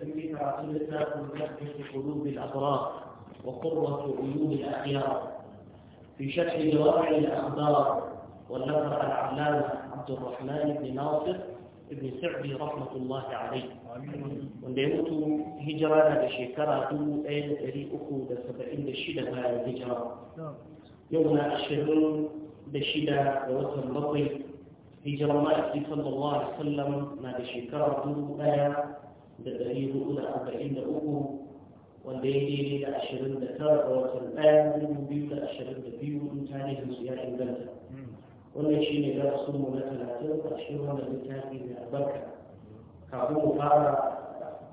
فإني رسول الله قلوب الأبرار وقرة عيون الأخيار في شرح جوامع الأخبار والنفر العلامة عبد الرحمن بن ناصر ابن سعدي رحمة الله عليه wanda ya mutu hijira na da shekara 1376 bayan hijira yau na 26 ga watan bakwai hijirar ma'aiki sallallahu alaihi wasallam na da shekara دقريب أولى أربعين أمه والليل إلى أشرين دكار وتنآمن بيو لأشرين دبيو إنتاني في سياح البلد والنشين إلى رسول مولاتنا تلقى أشهرها من التاكي من البركة كعبوه فارا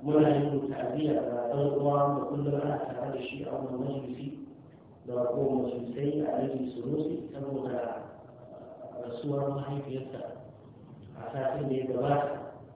muna yin ta'aziyya ga ɗan uwa da kullum ana tare da shi a wannan majalisi da ko majalisai a rage sunusi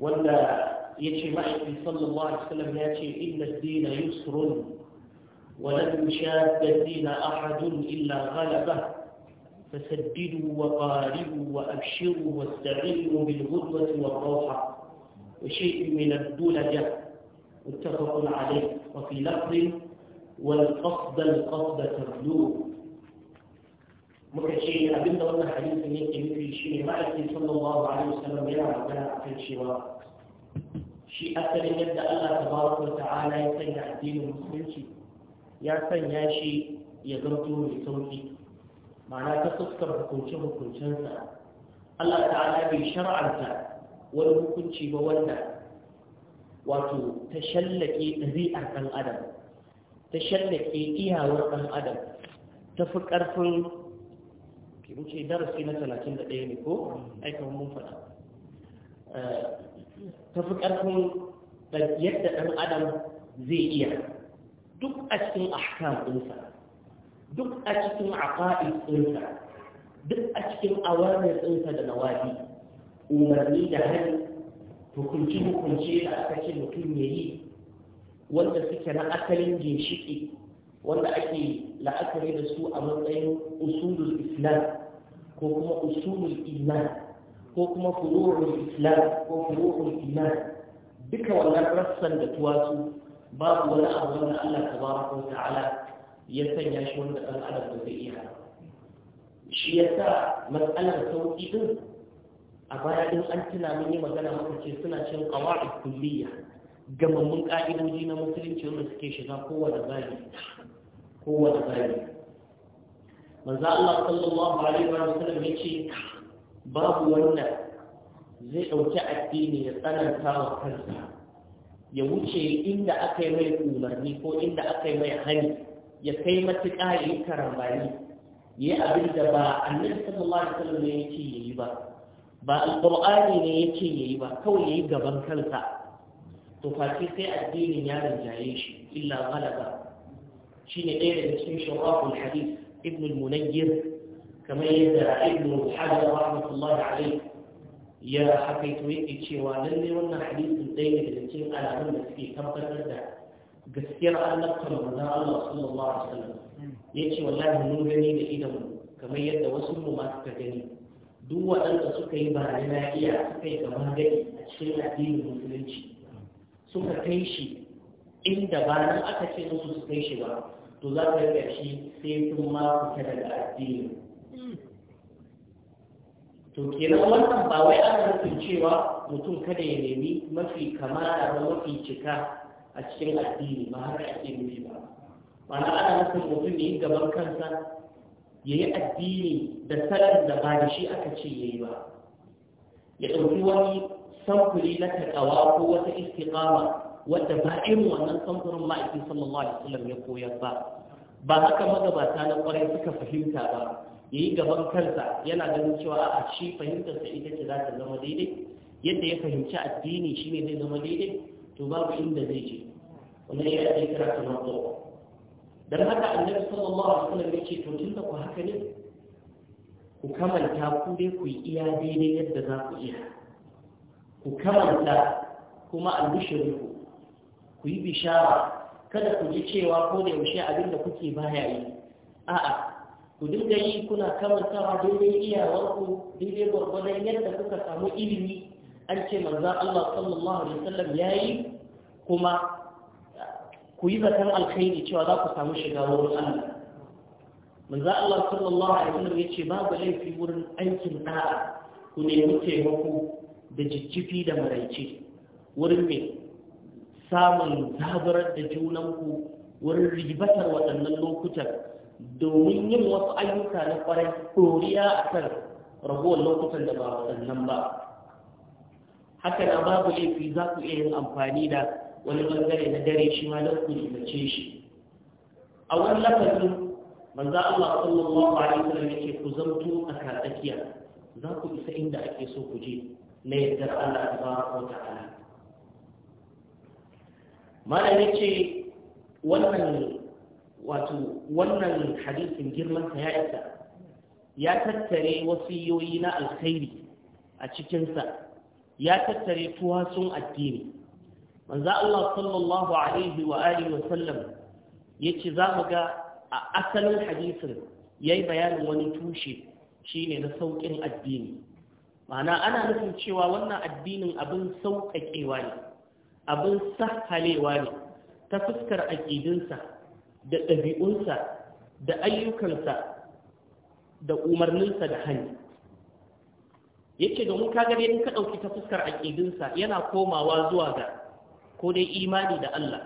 ولا يجي محمد صلى الله عليه وسلم ياتي إلا الدين يسر ولن يشاد الدين أحد إلا غلبه فسددوا وقاربوا وأبشروا واستعينوا بالغدوة والروحة وشيء من الدلجة متفق عليه وفي لفظ والقصد القصد ترجوه muka ce abin da wannan hadisin yake nufi shi ne ma'aikin sallallahu alaihi wasallam yana magana a kan cewa shi asalin yadda Allah tabaraka wa ta'ala ya sanya addinin musulunci ya sanya shi ya zanto mai sauki ma'ana ta fuskar hukunce hukuncensa Allah ta'ala bai shar'anta wani hukunci ba wanda wato ta shallake ɗabi'ar ɗan adam ta shallake iyawar ɗan adam ta fi ƙarfin mun ce darasi na talatin da ɗaya ne ko mm. aikin mun faɗa eh, ta fi ƙarfin yadda ɗan adam zai iya duk a cikin ahkam ɗinsa duk a cikin aqa'id ɗinsa duk a cikin awamir ɗinsa da nawabi umarni da hali hukunci-hukunci da aka ce mutum ya yi wanda suke na asalin ginshiƙi wanda ake la'akari da su a matsayin usul islam ko kuma usulul iman ko kuma furu'ul islam ko furu'ul iman duka wannan rassan da tuwasu babu wani abu wanda Allah tabaraka wa ta'ala ya sanya shi wanda ɗan adam ba zai iya shi yasa matsalar sauƙi din a baya din an tuna mun yi magana muka ce suna cin qawa'id Ga gamammun ka'idoji na musulunci wanda suke shiga kowane zali manzo Allah sallallahu alaihi wa sallam yace babu wanda zai dauki addini ya tsananta wa kansa ya wuce inda aka yi mai umarni ko inda aka yi mai hani ya kai matuƙa ya yi karambani ya yi abin da ba annabi sallallahu alaihi wasallam ne yake yayi ba ba alqur'ani ne yake yayi ba kawai yayi gaban kansa to fa sai addinin ya rinjaye shi illa ghalaba shine ɗaya daga cikin shawaqul hadith ibn al-munayyir kamar yadda ibn hajar rahmatullahi alayhi ya hakaito yake cewa lalle wannan hadisin ɗaya ne daga cikin alamun da suke tabbatar da gaskiyar annabtar manzon Allah sallallahu alaihi wasallam yace wallahi mun gani da idan kamar yadda wasu mu ma gani duk waɗanda suka yi barayana iya suka yi gaba gari a cikin addinin musulunci suka kai shi inda ba aka ce musu su kai shi ba to za ka ga shi sai sun ma fita daga addini to kenan wannan ba wai ana nufin cewa mutum kada ya nemi mafi kamala da mafi cika a cikin addini ba har yake nufi ba ma'ana ana nufin mutum ne gaban kansa ya yi addini da salon da ba da shi aka ce ya yi ba ya ɗauki wani samfuri na takawa ko wata istiƙama wadda ba irin wannan samfurin ma'aiki sallallahu alaihi wasallam ya koyar ba ba haka magabata na kwarai suka fahimta ba yayi gaban kansa yana ganin cewa a shi fahimtarsa ita ce za ta zama daidai yadda ya fahimci addini shine zai zama daidai to babu inda zai je wannan ya yi kira ta mazo dan haka annabi sallallahu alaihi wasallam ya ce to tunda ku haka ne ku kamanta ku dai ku yi iya daidai yadda za ku iya ku kamanta kuma albishirinku ku yi bishara kada ku ji cewa ko da yaushe abin da kuke baya yi a'a ku dinga yi kuna kamantawa daidai iyawarku daidai gwargwadon yadda kuka samu ilimi an ce manzan Allah sallallahu alaihi wasallam ya yi kuma ku yi zaton alkhairi cewa za ku samu shiga wurin Allah manzan Allah sallallahu alaihi wasallam ya ce babu laifi wurin aikin da'a ku nemi taimako da jijjifi da maraice wurin mai samun zaburar da junanku wurin ribatar waɗannan lokutan domin yin wasu ayyuka na ƙwarai ɗoriya a kan ragowar lokutan da ba waɗannan ba haka na babu laifi za ku iya yin amfani da wani bangare na dare shi ma don ku ribace shi a wani lafazin manzo Allah sallallahu alaihi wasallam yake ku zamto a tsakiya za ku isa inda ake so ku je na yardar Allah tabaraka wa ta'ala malam ya ce wannan wato wannan hadisin girman ya isa ya tattare wasu wasiyoyi na alkhairi a cikinsa ya tattare tuwasun addini manzo Allah sallallahu alaihi wa alihi wa sallam yace za mu ga a asalin hadisin yayi bayanin wani tushe shine na sauƙin addini ma'ana ana nufin cewa wannan addinin abin sauƙaƙewa ne abin sahalewa ne ta fuskar aƙidinsa da ɗabi'unsa da ayyukansa da umarninsa da hannu yake domin ka gare in ka ɗauki ta fuskar aƙidinsa yana komawa zuwa ga ko dai imani da Allah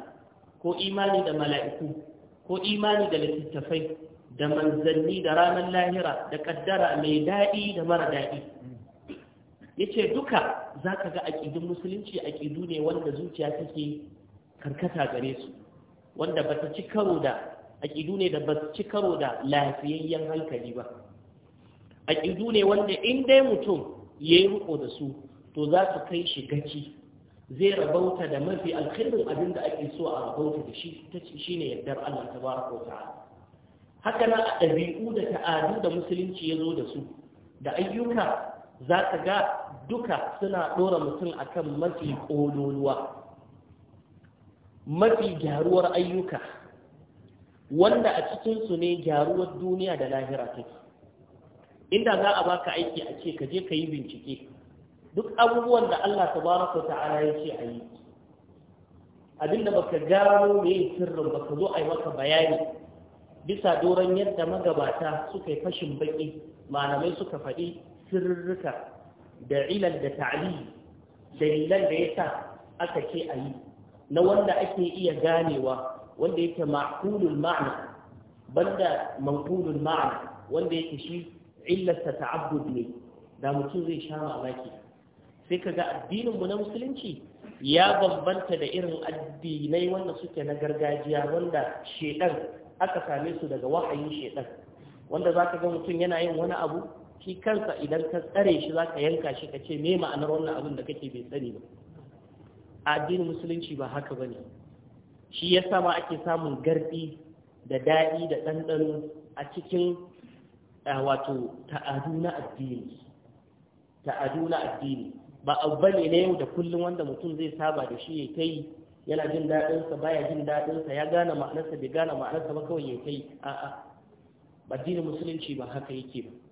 ko imani da mala'iku ko imani da littattafai da manzanni da ranar lahira da ƙaddara mai daɗi da mara daɗi yace duka za ka ga aƙidun musulunci aƙidu ne wanda zuciya take karkata gare su wanda bata ci karo da aƙidu ne da ta ci karo da lafiyayyen hankali ba Aƙidu ne wanda in dai mutum ya yi riko da su to za su kai shi gaci zai rabauta da mafi alkhairin abin da ake so a rabauta da shi ta ce shi ne yardar Allah ta baraka ta haka na ɗabi'u da ta'adu da musulunci ya zo da su da ayyuka za ka ga duka suna ɗora mutum a kan mafi ƙololuwa mafi gyaruwar ayyuka wanda a cikinsu ne gyaruwar duniya da lahira take inda za a baka aiki a ce ka je ka yi bincike duk abubuwan da Allah ta tabaraka ta'ala ya ce a yi abinda baka gano me sirrin baka zo a yi maka bayani bisa doron yadda magabata suka yi fashin baki malamai suka faɗi sirrika da ilal da ta'ali dalilan da ya sa aka ce a yi na wanda ake iya ganewa wanda yake ma'kulul ma'ana banda manqulul ma'ana wanda yake shi illarsa ta'abbud ne da mutum zai sha mamaki sai kaga addinin mu na musulunci ya bambanta da irin addinai wanda suke na gargajiya wanda shaidan aka same su daga wahayin shedan wanda zaka ga mutum yana yin wani abu shi kansa idan ka tsare shi za ka yanka shi ka ce me ma'anar wannan abin da kake bai tsani ba addinin musulunci ba haka ba ne shi ya sama ake samun garbi da daɗi da ɗanɗano a cikin wato ta'adu na addini ta'adu na addini ba abu bane na yau da kullum wanda mutum zai saba da shi ya kai yana jin daɗinsa baya jin daɗinsa ya gane ma'anarsa bai gane ma'anarsa ba kawai ya kai a'a addinin musulunci ba haka yake ba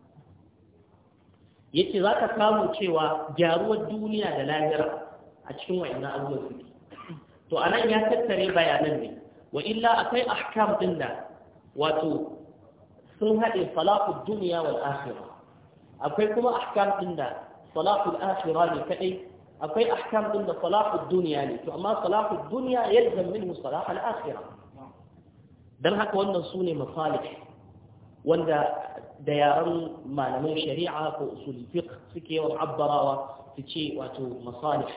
yace za ka samu cewa gyaruwar duniya da lahira a cikin wa'annan abubuwan suke to a nan ya tattare bayanan ne wa illa akwai ahkam din da wato sun haɗe salahud duniya wal akhirah akwai kuma ahkam din da salahul akhirah ne kadai akwai ahkam din da salahud duniya ne to amma salahud duniya yalzam minhu al akhirah Don haka wannan su ne masalih wanda da yaren malaman shari'a ko sulfiq suke yawan abbarawa su ce wato masalih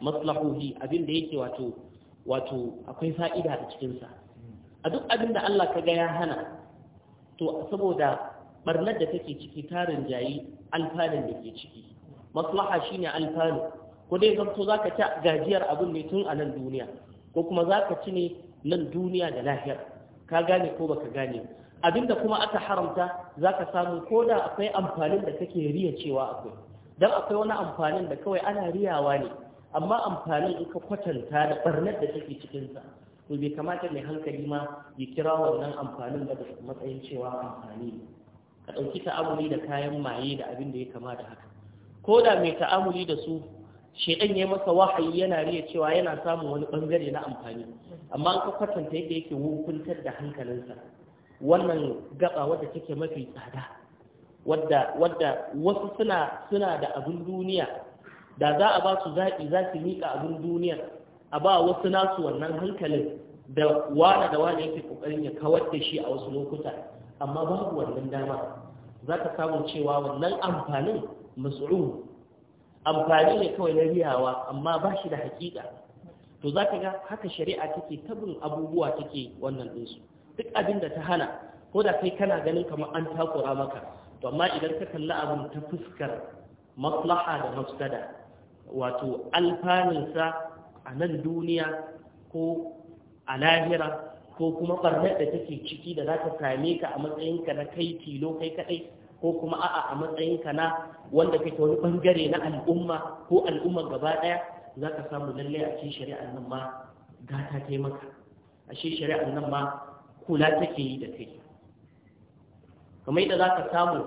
maslahohi abin da yake wato wato akwai fa'ida da cikinsa. sa a duk abin da Allah ga ya hana to saboda barnar da take ciki tarin jayi alfanin da ke ciki maslaha shine alfanu ko dai zanto zaka ci gajiyar abin ne tun a nan duniya ko kuma zaka ci ne nan duniya da lahiyar ka gane ko baka gane abinda kuma aka haramta za ka samu ko da akwai amfanin da kake riya cewa akwai don akwai wani amfanin da kawai ana riyawa ne amma amfanin in ka kwatanta da barnar da take cikinsa to bai kamata mai hankali ma ya kira wannan amfanin da matsayin cewa amfani ne ka ɗauki ta'amuli da kayan maye da abin da ya kama da haka ko da mai ta'amuli da su shaidan ya masa wahayi yana riya cewa yana samun wani bangare na amfani amma an ka kwatanta yadda yake wukuntar da hankalinsa wannan gaba wadda take mafi tsada wadda wadda wasu suna suna da abin duniya da za a ba su zaɓi za su miƙa abin duniya a ba wasu nasu wannan hankalin da wane da wane yake ƙoƙarin ya kawar da shi a wasu lokuta amma babu wannan dama za ka samu cewa wannan amfanin mas'u amfani ne kawai na riyawa amma ba shi da hakika to za ka ga haka shari'a take tabin abubuwa take wannan ɗinsu duk abin da ta hana ko da kai kana ganin kamar an takura maka to amma idan ka kalli abin ta fuskar maslaha da mafsada wato alfaninsa a nan duniya ko a lahira ko kuma barnar da take ciki da za ta same ka a matsayinka na kai tilo kai kaɗai ko kuma a'a a matsayinka na wanda kake wani bangare na al'umma ko al'umma gaba ɗaya za ka samu lallai a cikin shari'ar nan ma gata ta maka a cikin shari'ar nan ma kula take yi da kai kamar yadda za ka samu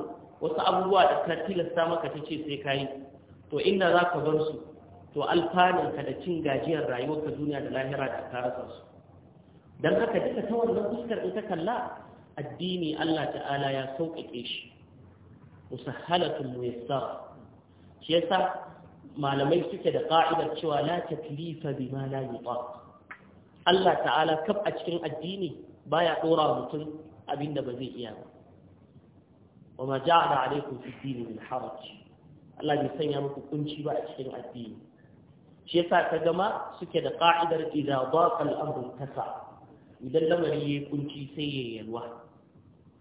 wasu abubuwa da ka tilasta maka ta ce sai ka yi to inda za ka bar su to ka da cin gajiyar rayuwarka duniya da lahira da ka rasa su don haka duka ta wannan fuskar in ta kalla addini Allah ta'ala ya sauƙaƙe shi musahhalatun muyassara shi yasa malamai suke da ƙa'idar cewa la taklifa bima la yuqa Allah ta'ala kaf a cikin addini baya dora mutum abinda ba zai iya ba wa ma ja'ala alaikum fi dini min haraj Allah bai sanya muku kunci ba a cikin addini shi yasa ka gama suke da qa'idar idza daqa al-amru tasa idan lamari yayi kunci sai yayi yalwa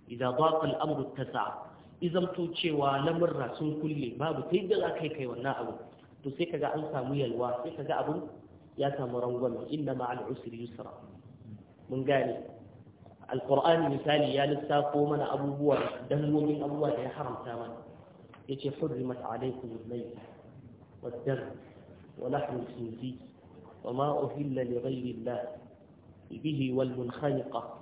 idza daqa al-amru tasa idan to cewa lamurra sun kulle babu kai da za kai kai wannan abu to sai kaga an samu yalwa sai kaga abun ya samu rangwame inna ma'al usri yusra mun gane القرآن مثالي يا لسا قومنا أبو بوا دمو من الله يا حرم تاما يتي حرمت عليكم الليل والدر ولحم الخنزير وما أهل لغير الله به والمنخنقة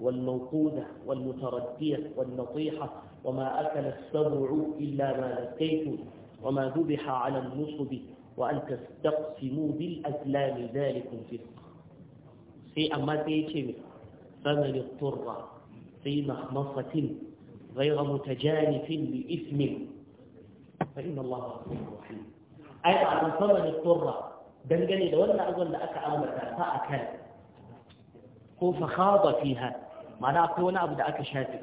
والموقودة والمتردية والنطيحة وما أكل السبع إلا ما لقيتم وما ذبح على النصب وأن تستقسموا بالأسلام ذلك فرق في أما تيتي فمن اضطر في مخمصة غير متجانف لإثم فإن الله رحيم رحيم أي أن فمن اضطر دنجني لو أن أقول لك أمرك فأكل هو فخاض فيها ما لا أقول أبدا أكشافي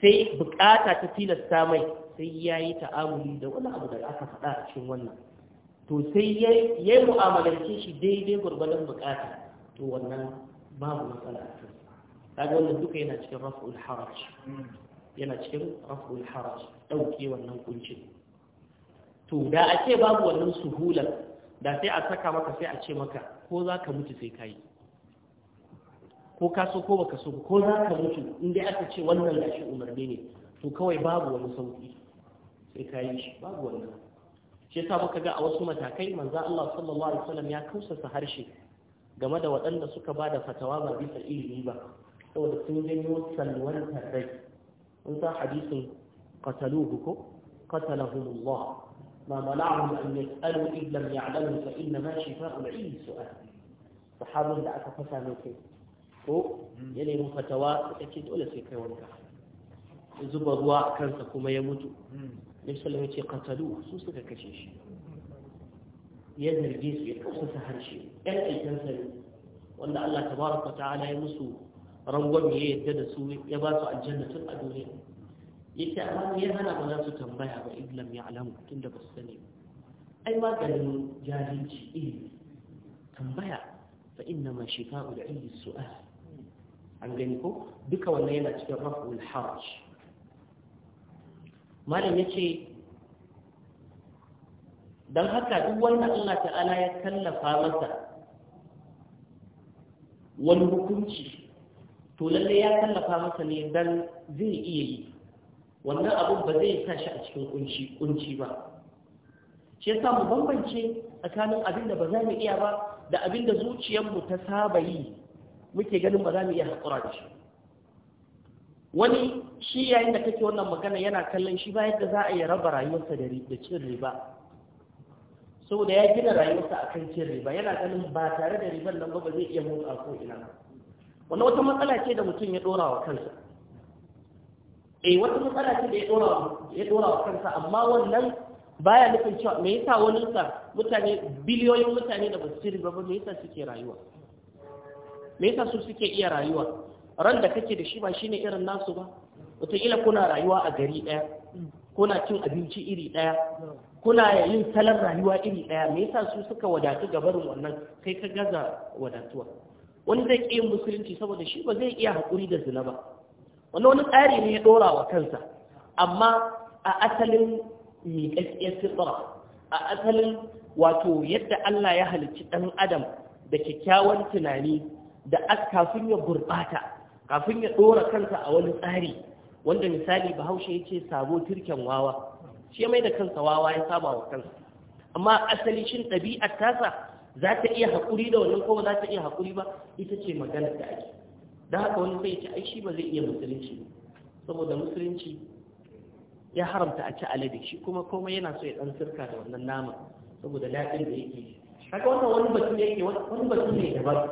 سي بكاتا تتيل السامي سيّاي تآمني لو أن أبدا أكفتا أكشون to sai yayi yayi mu'amalance shi daidai gurbanin bukata to wannan babu matsala a cikin kaga wannan duka yana cikin raf'ul haraj yana cikin raf'ul haraj dauke wannan kuncin to da a ce babu wannan suhulan da sai a saka maka sai a ce maka ko za ka mutu sai ka yi ko ka so ko baka so ko za ka mutu in dai aka ce wannan da shi umarni ne to kawai babu wani sauki sai ka yi shi babu wannan shi yasa muka ga a wasu matakai manzo Allah sallallahu alaihi wasallam ya kausasa harshe game da waɗanda suka ba da fatawa ba bisa ilimi ba saboda sun janyo salwantar rai in sa hadisin qataluhu ko qatalahumullah ما منعهم أن يسألوا إذ لم يعلموا فإنما شفاء العلم سؤال صحابة da aka fasa mai kai ko ya nemi fatawa ta ce dole sai kai wanka zuba ruwa a kansa kuma ya mutu ya sallama ce katalu su suka kashe shi ya zarge su ya kasa harshe ɗan aikinsa ne wanda Allah tabaraka ta'ala ya musu rangwami ya yadda da su ya ba su aljanna tun a duniya ya ce amma ya hana ba za su tambaya ba iblam ya alamu tun da ba su sani ba ai yin jahilci ilimi tambaya fa inna ma Shekaru da ilimin su'a an gani ko duka wannan yana cikin raf'ul haraj malam ya ce don haka duk wannan Allah ta'ala ya kallafa masa wani hukunci to lalle ya tallafa masa ne dan zai iya yi wannan abun ba zai sa shi a cikin kunci kunci ba shi yasa mu bambance tsakanin abin da ba za mu iya ba da abin da zuciyarmu ta saba yi muke ganin ba za mu iya haƙura da shi wani shi yayin da kake wannan magana yana kallon shi ba yadda za a yi raba rayuwarsa da cin riba saboda ya gina rayuwarsa a kan cin riba yana ganin ba tare da ribar nan ba ba zai iya mutu a ba. wanda wata matsala ce da mutum ya dora wa kansa eh wata matsala ce da ya dora ya dora wa kansa amma wannan baya nufin cewa me yasa wani sa mutane biliyoyin mutane da basu shiri ba me yasa suke rayuwa me yasa su suke iya rayuwa ran da kake da shi ba shine irin nasu ba ila kuna rayuwa a gari daya kuna cin abinci iri daya kuna yin salon rayuwa iri ɗaya me yasa su suka wadatu gabarin wannan kai ka gaza wadatuwa wani zai ƙi yin musulunci saboda shi ba zai iya haƙuri da zina ba wani wani tsari ne ya ɗora wa kansa amma a asalin miƙaƙƙiyar fitra a asalin wato yadda Allah ya halicci ɗan adam da kyakkyawan tunani da kafin ya gurɓata kafin ya ɗora kansa a wani tsari wanda misali bahaushe ya ce sabo turken wawa shi mai da kansa wawa ya saba wa kansa amma asali shin ɗabi'ar tasa za ta iya haƙuri da wannan kuma za ta iya haƙuri ba ita ce magana da ake da haka wani zai ci ai shi ba zai iya musulunci ba saboda musulunci ya haramta a ci alade shi kuma komai yana so ya ɗan sirka da wannan nama saboda daɗin da yake haka wannan wani batu ne yake wani batu ne daban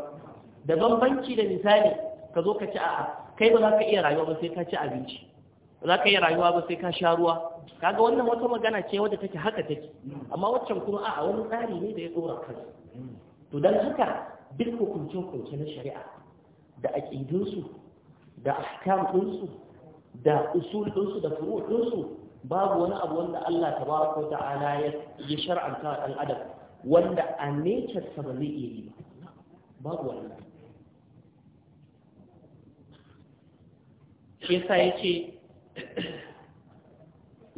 da bambanci da misali ka zo ka ci a'a kai ba za ka iya rayuwa ba sai ka ci abinci ba za ka iya rayuwa ba sai ka sha ruwa kaga wannan wata magana ce wadda take haka take amma waccan kuma a wani tsari ne da ya tsora kansa to dan haka duk hukuncin kunce na shari'a da aqidunsu da ahkam ɗinsu da usul da furu babu wani abu wanda Allah tabaraka ta'ala ya yi shar'anta wa ɗan adam wanda a nature sa ba zai yi ba babu wannan shi yasa yace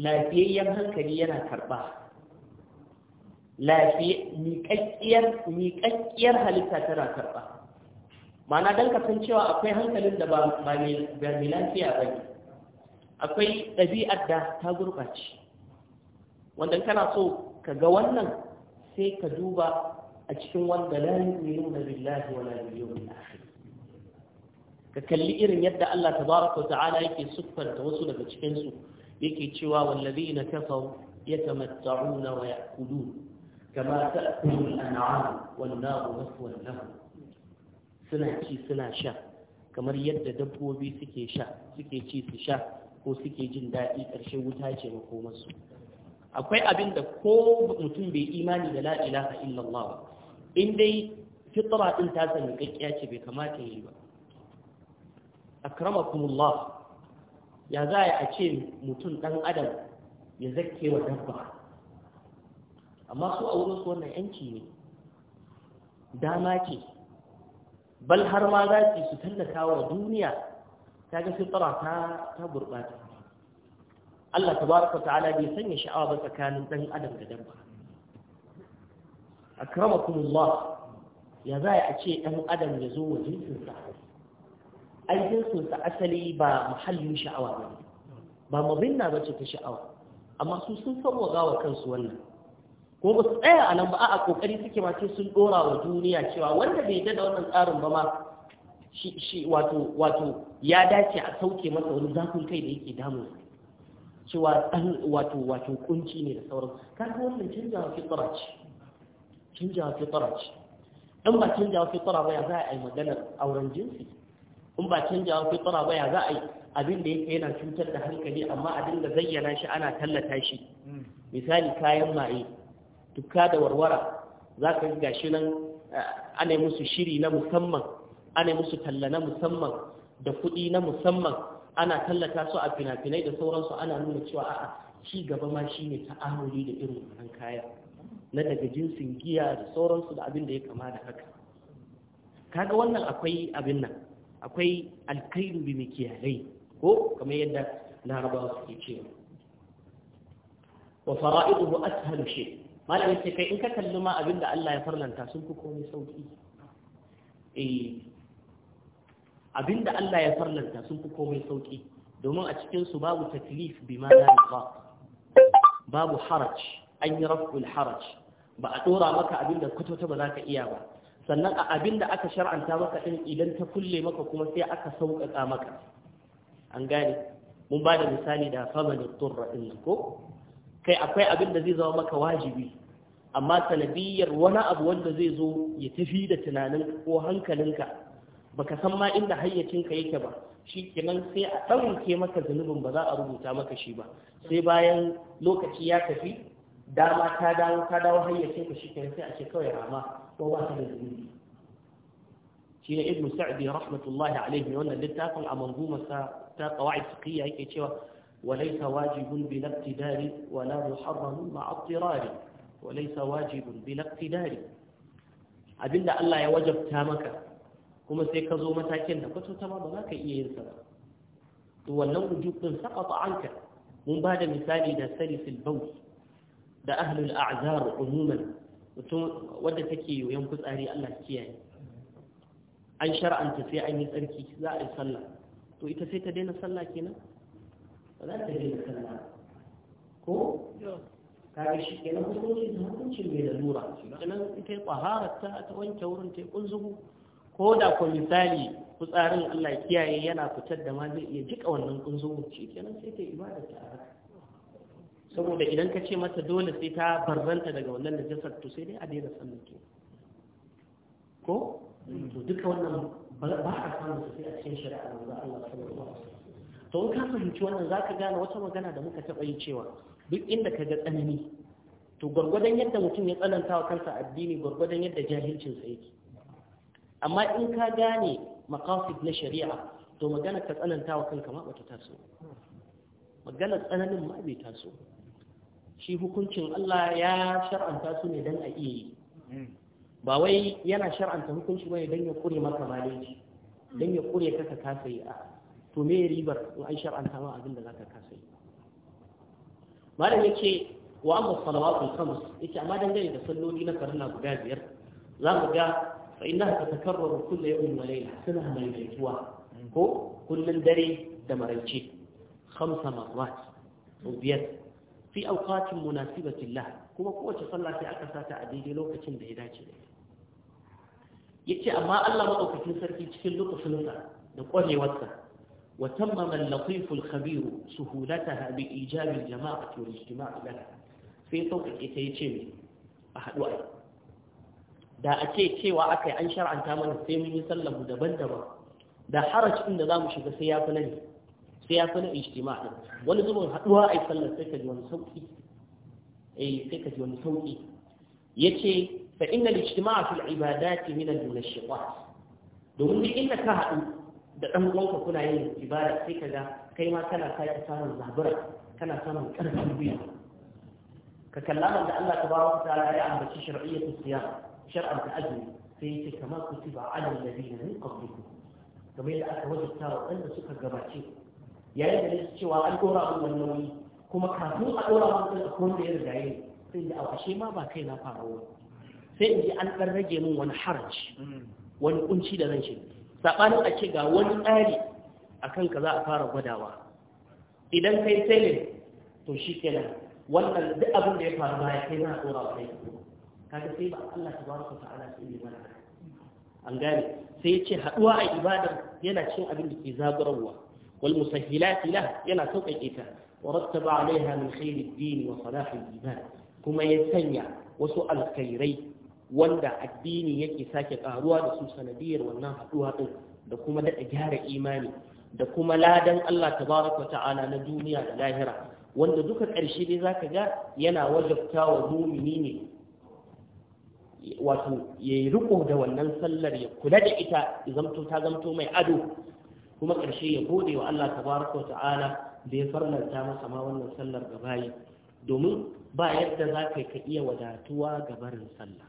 lafiyayyen hankali yana karɓa miƙaƙƙiyar halitta tana karɓa ma'ana don cewa akwai hankalin da ba mai lafiya ba ne akwai ɗabi'ar da ta gurɓace wanda kana so ka ga wannan sai ka duba a cikin wanda la na billahi wa bil na ka kalli irin yadda Allah Ta tabaraka wa ta'ala yake siffanta wasu daga cikinsu. yake cewa waya. kafaru yatamatta'una wa ya'kulun kama ta'kulu al-an'am wan naru maswan lahum suna ci suna sha kamar yadda dabbobi suke sha suke ci su sha ko suke jin daɗi ƙarshe wuta ce masu akwai abin da ko mutum bai imani da la a illallah in dai fitra ɗin ta sami kakkiya ce bai kamata yi ba akramakumullah ya za a ce mutum ɗan adam ya zakke wa dabba amma su a wurinsu wannan yanci ne dama ce bal har ma za su su tallata wa duniya ta ga fitara ta ta gurɓata Allah tabaraka ta'ala bai sanya sha'awa ba tsakanin ɗan adam da dabba akramakumullah ya za a ce ɗan adam ya zo wa jinsinsa ai ta asali ba muhallin sha'awa ba ba mabinna ba ce ta sha'awa amma su sun san wa kansu wannan ko ba su tsaya a nan ba a kokari suke ma sai sun dora wa duniya cewa wanda bai da wannan tsarin ba ma shi shi wato wato ya dace a sauke masa wani zafin kai da yake damun cewa dan wato wato kunci ne da sauran kaga wannan canjawa fitra ce canjawa fitra ce dan ba canjawa fitra ba ya za a yi maganar auren jinsi in ba canjawa fitara ba ya za a yi abin da yake yana cutar da hankali amma abin da zayyana shi ana tallata shi misali kayan maye tukka da warwara za ka ga shi nan eh, ana musu shiri na musamman ana musu talla na musamman da kuɗi na musamman ana tallata su a fina-finai da sauransu ana nuna cewa a'a ci gaba ma shi ne ta amuri da irin wannan kaya na daga jinsin giya da sauransu da abin da ya kama da haka kaga wannan akwai abin nan akwai alkairu bi mikiyalai ko kamar yadda larabawa suke cewa wa fara'iduhu ashalu shay malamin ce kai in ka kalli ma abinda Allah ya farlanta sun fi komai sauki eh abinda Allah ya farlanta sun fi komai sauki domin a cikin su babu taklif bi ma la babu haraj an yi raf'ul haraj ba a dora maka abinda kwatota ba za ka iya ba sannan a abin da aka shar'anta maka ɗin idan ta kulle maka kuma sai aka sauƙaƙa maka an gane mun ba da misali da family turra ɗin ko kai akwai abin da zai zama maka wajibi amma sanadiyyar wani abu wanda zai zo ya tafi da tunanin ko hankalinka baka san ma inda hayyacinka yake ba shi kenan sai a ɗauke maka zunubin ba za a rubuta maka shi ba sai bayan lokaci ya tafi dama ta dawo ta dawo hayyacinka shi kenan sai a ce kawai rama ko ba ta da zunubi shi ne ibnu sa'di rahmatullahi alaihi wannan littafin a manzumarsa ta qawaid fiqhiyya yake cewa وليس واجب بلا ابتدار ولا محرم مع اضطرار وليس واجب بلا ابتدار abinda Allah ya wajabta maka kuma sai ka zo matakin da kwatanta ma ba za ka iya yin sa to wannan wujubin saqata anka mun bada misali da salisul bawl da ahlul a'zar umuman mutum wadda take yoyon kutsari Allah kiyaye an shar'anta sai an yi tsarki za a yi sallah to ita sai ta daina sallah kenan ba za ta daina sallah ko kaga shi kenan hukunci da hukuncin mai da lura kenan ita yi ta ta wanke wurin ta kunzugu ko da ko misali kutsarin Allah kiyaye yana fitar da ma zai iya jika wannan kunzugu shi kenan sai ta ibada ta haka saboda idan ka ce mata dole sai ta farzanta daga wannan da jasar to sai dai a daina ke ko to duka wannan ba a samun su sai a cikin shari'a da za Allah sallallahu alaihi to in ka fahimci wannan za ka gane wata magana da muka taɓa yi cewa duk inda ka ga tsanani to gwargwadon yadda mutum ya tsananta wa kansa addini gwargwadon yadda jahilcin sa yake amma in ka gane makafi na shari'a to magana ka tsananta wa kanka ma bata taso magana tsananin ma bai taso shi hukuncin Allah ya shar'anta su ne don a iya yi hmm. ba wai yana shar'anta hukunci bane don ya kure maka maleji don ya kure kasa kasa yi a to me ribar in an shar'anta ma abin da zaka kasa yi malam yace wa amma salawatul khams yace amma dangane da salloli na na guda biyar za mu ga fa innaha tatakarraru kullu yawmin wa layla suna mai maituwa hmm. ko kullun dare da maraice khamsa marrat biyar fi auqatin munasibatin lah kuma kowace sallah sai aka sata a daidai lokacin da ya dace da yace amma Allah madaukakin sarki cikin lokacinsa da kwarewarsa wa tammama al-latif al-khabir suhulataha bi ijab jamaati wal ijtima' sai sauƙaƙe ta yace me a haɗu ai da a ce cewa aka yi an shar'anta mana sai mun yi daban-daban da harajin da za mu shiga sai ya fi nan sai ya sanin ijtima din wani zubin haduwa ai sallar sai ka ji wani sauki eh sai ka ji wani sauki yace fa inna al-ijtima' fi al-ibadat min al domin duk ka haɗu da ɗan kuna yin ibada sai ka ga kai ma kana sake samun zabura kana samun ƙarfin biyu ka kalla da Allah tabaraka ta'ala ya ambaci shar'iyyatu siyam shar'an ta azumi sai yake kamar kutiba ala alladhina min qablikum kamar yadda aka wajabta wa wanda suka gabace yayin da nake cewa an dora mun wani nauyi kuma kafin a dora mun kai kuma da ya riga yi sai ji a ashe ma ba kai na fara wani sai in ji an dan rage min wani haraji wani kunci da zan shi sabanin a ce ga wani tsari akan ka za a fara gwadawa idan kai sai to shi kenan wannan duk abin da ya faru ya kai na dora wa kai kaga sai ba Allah tabaraka ta'ala sai ne mana an gane sai ya ce haduwa a ibadar yana cin abin da ke zagarawa والمسهلات له ينا توقيتا ورتب عليها من wa الدين وصلاح kuma ya sanya wasu alkhairai wanda addini yake sake ƙaruwa da su sanadiyar wannan haɗuwa ɗin da kuma daɗa gyara imani da kuma ladan Allah tabaraka ta'ala na duniya da lahira wanda duka ƙarshe dai zaka ga yana wajabta wa mumini ne wato ya da wannan sallar ya kula da ita zamto ta zamto mai ado kuma ƙarshe ya gode wa Allah tabaraka wa ta'ala da ya farlanta masa ma wannan sallar ga bayi domin ba yadda za ka ka iya wadatuwa ga barin sallah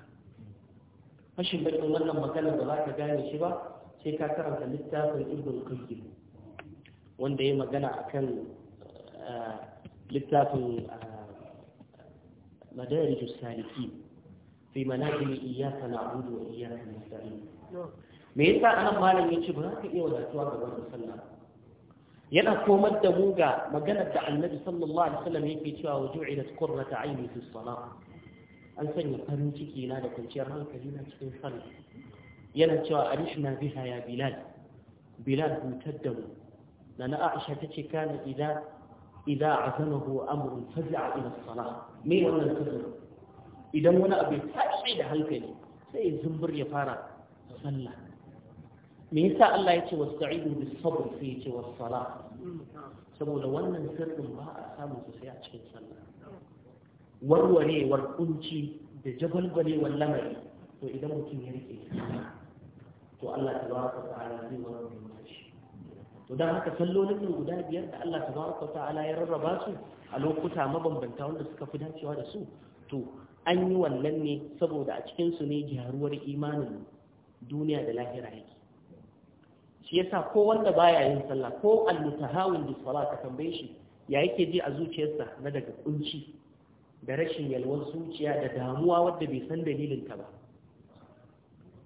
fashin bakin wannan maganar da za ka gane shi ba sai ka karanta littafin ibn qayyim wanda ya magana akan eh, littafin eh, madarijus salikin fi manazili iyyaka na'budu wa iyyaka nasta'in me yasa anan malam ya ce ba za ka iya wadatuwa ga wannan sallah yana komar da mu ga maganar da annabi sallallahu alaihi wasallam yake cewa wa ju'ilat qurrata aini fi salat an sanya farin ciki na da kwanciyar hankali na cikin sallah yana cewa arishna biha ya bilal bilal hutar da mu na na aisha tace kana idan idan azanahu amrun faz'a ila salah me wannan sirri idan wani abu ya tashi da hankali sai zumbur ya fara sallah me yasa Allah ya ce wasta'inu bis sabr sai ya ce was sala saboda wannan sirrin ba a samu su sai a cikin sallah warwarewar kunci da jabalbalewar lamari to idan mutum ya rike to Allah tabaraka wa ta'ala zai warware shi to dan haka sallolin guda biyar da Allah tabaraka wa ta'ala ya rarraba su a lokuta mabambanta wanda suka fi dacewa da su to an yi wannan ne saboda a cikin su ne gyaruwar imanin duniya da lahira yake shi yasa ko wanda baya yin sallah ko al-mutahawin bi salat ka tambaye shi ya yake ji a zuciyarsa na daga kunci da rashin yalwar zuciya da damuwa wanda bai san dalilin ta ba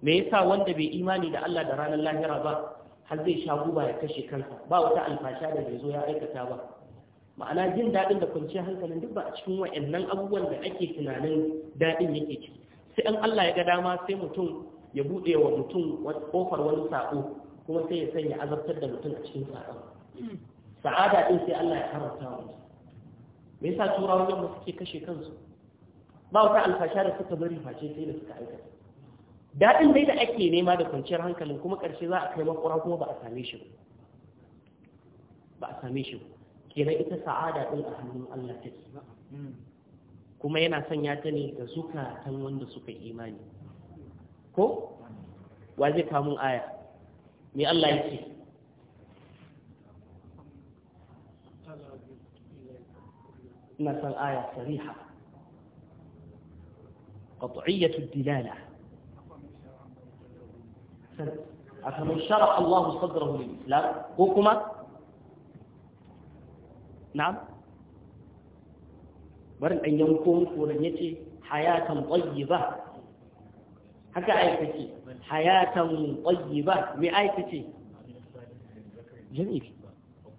me yasa wanda bai imani da Allah da ranar lahira ba har zai sha guba ya kashe kansa ba wata alfasha da bai zo ya aikata ba ma'ana jin daɗin da kwanciyar hankalin duk ba a cikin wa'annan abubuwan da ake tunanin daɗin yake ciki sai an Allah ya ga dama sai mutum ya buɗe wa mutum kofar wani saƙo kuma sai ya sanya azabtar da mutum a cikin tsaron sa'ada din sai Allah ya haramta mu me yasa turawa yamma suke kashe kansu ba wata alfasha da suka bari face sai da suka aikata daɗin dai da ake nema da kwanciyar hankalin kuma ƙarshe za a kai makura kuma ba a same shi ba a same shi kenan ita sa'ada ɗin a hannun Allah take kuma yana sanya ta ne ga zukatan wanda suka imani ko wa zai kamun aya me Allah yake ina san aya قطعية الدلالة أفمن شرح الله صدره للإسلام وكما نعم ورد أن يكون ورن يتي حياة طيبة haka aikace hayatan tayyiba mai aikace jami'i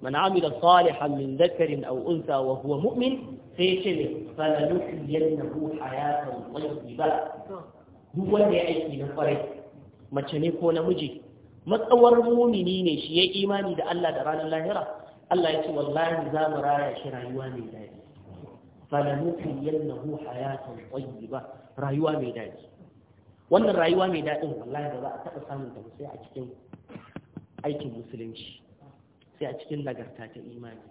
man amila salihan min dhakarin aw unsa wa huwa mu'min sai ce ne falanuhiyannahu hayatan tayyiba duk wanda ya aiki na kwarai mace ne ko namiji matsawar mumini ne shi ya imani da Allah da ranar lahira Allah ya ce wallahi za mu raya shi rayuwa mai daɗi falanuhiyannahu hayatan tayyiba rayuwa mai daɗi wannan rayuwa mai daɗin wallahi ba za a taɓa samun ta sai a cikin aikin musulunci sai a cikin lagarta ta imani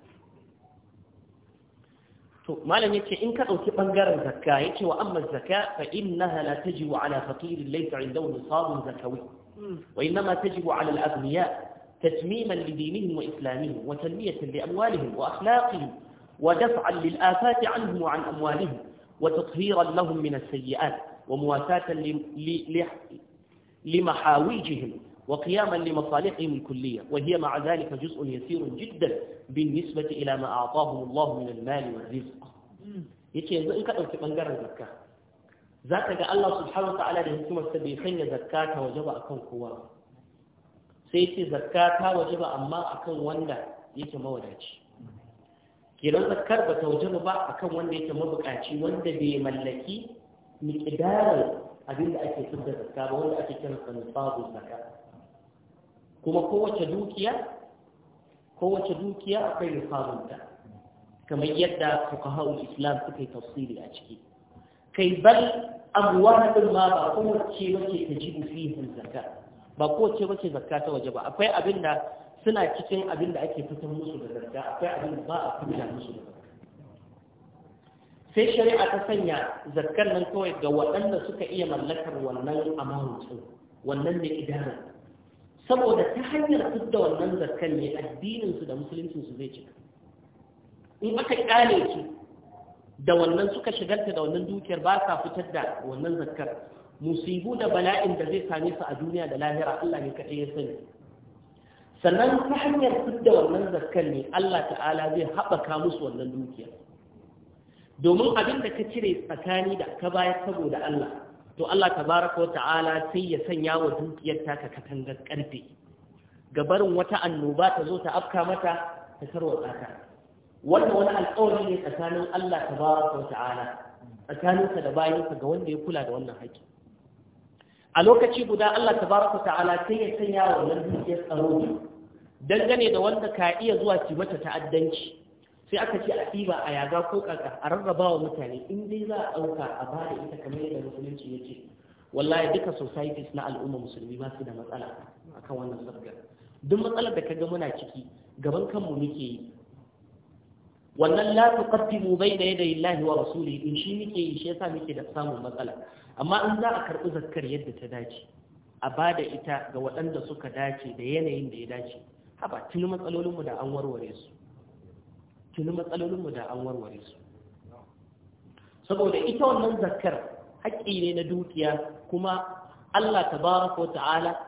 to malam yace in ka dauki bangaren zakka yace wa amma zakka fa innaha la tajibu ala faqir laysa indahu nisab zakawi wa innama tajibu ala al-aghniya تتميما لدينهم وإسلامهم وتنمية لأموالهم وأخلاقهم ودفعا للآفات عنهم وعن أموالهم وتطهيرا لهم من السيئات ومواساه لمحاويجهم وقياما لمصالحهم الكلية وهي مع ذلك جزء يسير جدا بالنسبة إلى ما أعطاهم الله من المال والرزق يكي يزا إنك ذاتك الله سبحانه وتعالى لهم سبيخين زكاة وجب أكون قوة سيتي زكاة وجب أما أكون وندا يكي موجج كي لو ذكر بتوجب أكون وندا يكي موجج وندا بملكي miƙidarar abin da ake fitar zakka ba wanda ake kiran sa nisabun zakka kuma kowace dukiya kowace dukiya akwai nisabun ta kamar yadda hau islam suka yi tafsiri a ciki kai bal amwalul ma ba kowace wace ta ji fihi zakka ba kowace wace zakka ta waje ba akwai abin da suna cikin abin da ake fitar musu da zakka akwai abin da ba a fitar musu da zakka sai shari'a ta sanya zakkar nan kawai ga waɗanda suka iya mallakar wannan amount wannan ne idara saboda ta hanyar fidda wannan zakkar ne addininsu da musuluncinsu zai cika in aka kyale su da wannan suka shigarta da wannan dukiyar ba sa fitar da wannan zakkar musibu da bala'in da zai same su a duniya da lahira Allah ne kaɗai ya sani sannan ta hanyar fidda wannan zakkar ne Allah ta'ala zai haɓaka musu wannan dukiyar domin abin da ka cire tsakani da ka baya saboda Allah to Allah tabaraka wata'ala sai ya sanya wa dukiyar taka katangar karfe gabarin wata annoba ta zo ta afka mata ta tarwatsa ta wannan wani alƙawari ne tsakanin Allah tabaraka wata'ala tsakaninsa da bayansa ga wanda ya kula da wannan haƙƙi a lokaci guda Allah tabaraka wata'ala sai ya sanya wa wannan dukiyar tsaro dangane da wanda ka iya zuwa ki mata ta'addanci sai aka ce a ɗiba a yaga ko ƙaƙa a rarraba wa mutane in dai za a ɗauka a ba da ita kamar yadda musulunci ya ce wallahi duka societies na al'umma musulmi ba su da matsala A kan wannan zargar duk matsalar da ka ga muna ciki gaban kanmu muke yi wannan la tuqaddimu bayna yaday Allahi wa rasuli in shi muke yi shi yasa muke da samun matsala amma in za a karɓi zakkar yadda ta dace a ba da ita ga waɗanda suka dace da yanayin da ya dace haba tuni matsalolinmu da an warware su tuni matsalolinmu da an warware su saboda ita wannan zakar haƙƙi ne na dukiya kuma Allah tabaraka Ko ta'ala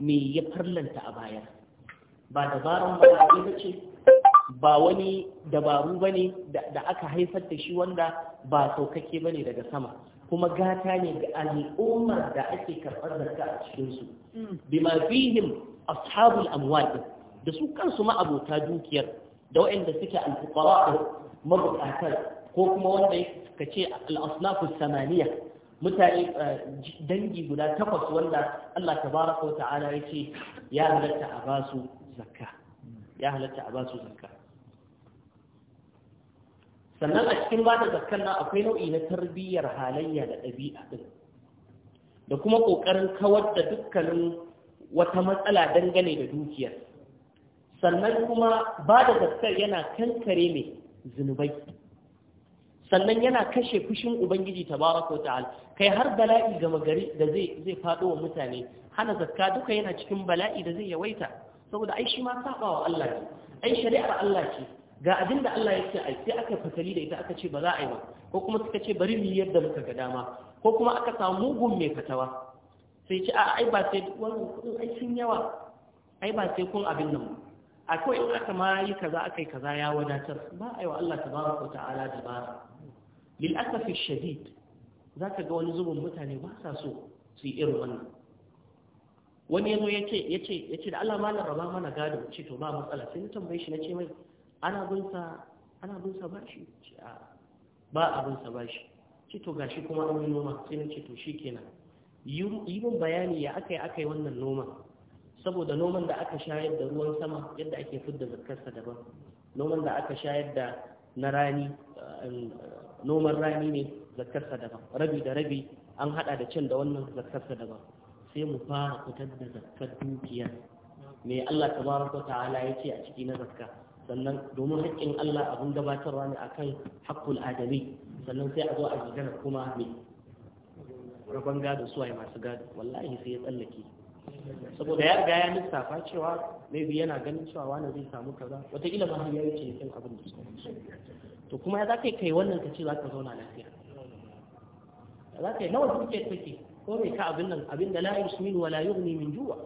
me ya farlanta a baya ba dabaran ba ba ce ba wani dabaru ba da aka haifar da shi wanda ba saukake bane daga sama kuma gata ne ga al'ummar da ake karɓar zarka a cikinsu mm. bima fihim ashabul amwal da su kansu abota dukiyar da waɗanda suke a mabukatar ko kuma wanda ka ce al-asnafu samaniya mutane eh, dangi guda takwas wanda Allah tabaraka wata'ala ya ce ya halatta a ba su zakka ya halatta a ba su zakka sannan a cikin bada zakkan nan akwai nau'i na tarbiyyar halayya da ɗabi'a ɗin, da kuma ƙoƙarin kawar da dukkanin wata matsala dangane da dukiyar sannan kuma ba da zakkar yana kankare mai zunubai sannan yana kashe fushin ubangiji ta tabaraka ta'ala kai har bala'i gama gari da zai faɗo wa mutane hana zakka duka yana cikin bala'i da zai yawaita saboda ai shi ma wa Allah ne ai shari'ar Allah ce ga abin da Allah yake ce ai sai aka fasali da ita aka ce ba za a yi ba ko kuma suka ce bari mu yadda muka ga dama ko kuma aka samu mugun mai fatawa sai ce a ai ba sai wannan kudin ai yawa ai ba sai kun abin nan akwai in aka ma yi kaza aka yi kaza ya wadatar ba a yi wa Allah tabaraka ta'ala dabara lil asafi shadid zaka ga wani zubin mutane ba sa so su yi irin wannan wani yazo yace yace yace da Allah malam raba mana gado ce to ba matsala sai na tambaye shi nace mai ana bin sa ana bin sa bashi ce a ba abin sa bashi ce to gashi kuma an yi noma sai nace to shikenan yi mun bayani ya akai akai wannan noma saboda noman da aka shayar da ruwan sama yadda ake fidda zakkarsa daban noman da aka shayar da na rani eh, eh, noman rani ne zakkarsa daban rabi da rabi an hada da can da wannan zakkarsa daban sai mu fara fitar da zakkar dukiya me Allah tabaraka ta'ala ya ce a ciki na zakka sannan domin haƙƙin Allah abun gabatarwa ne akan haƙƙul adami sannan sai a zo a jigana kuma me rabon gado suwaye masu gado wallahi sai ya tsallake saboda ya riga ya lissafa cewa maybe yana ganin cewa wani zai samu kaza wataƙila ba ya wuce kan abin da suka to kuma ya za ka yi kai wannan ka ce za ka zauna lafiya za ka yi nawa duke take ko mai ka abin nan abin da la su min la ne min juwa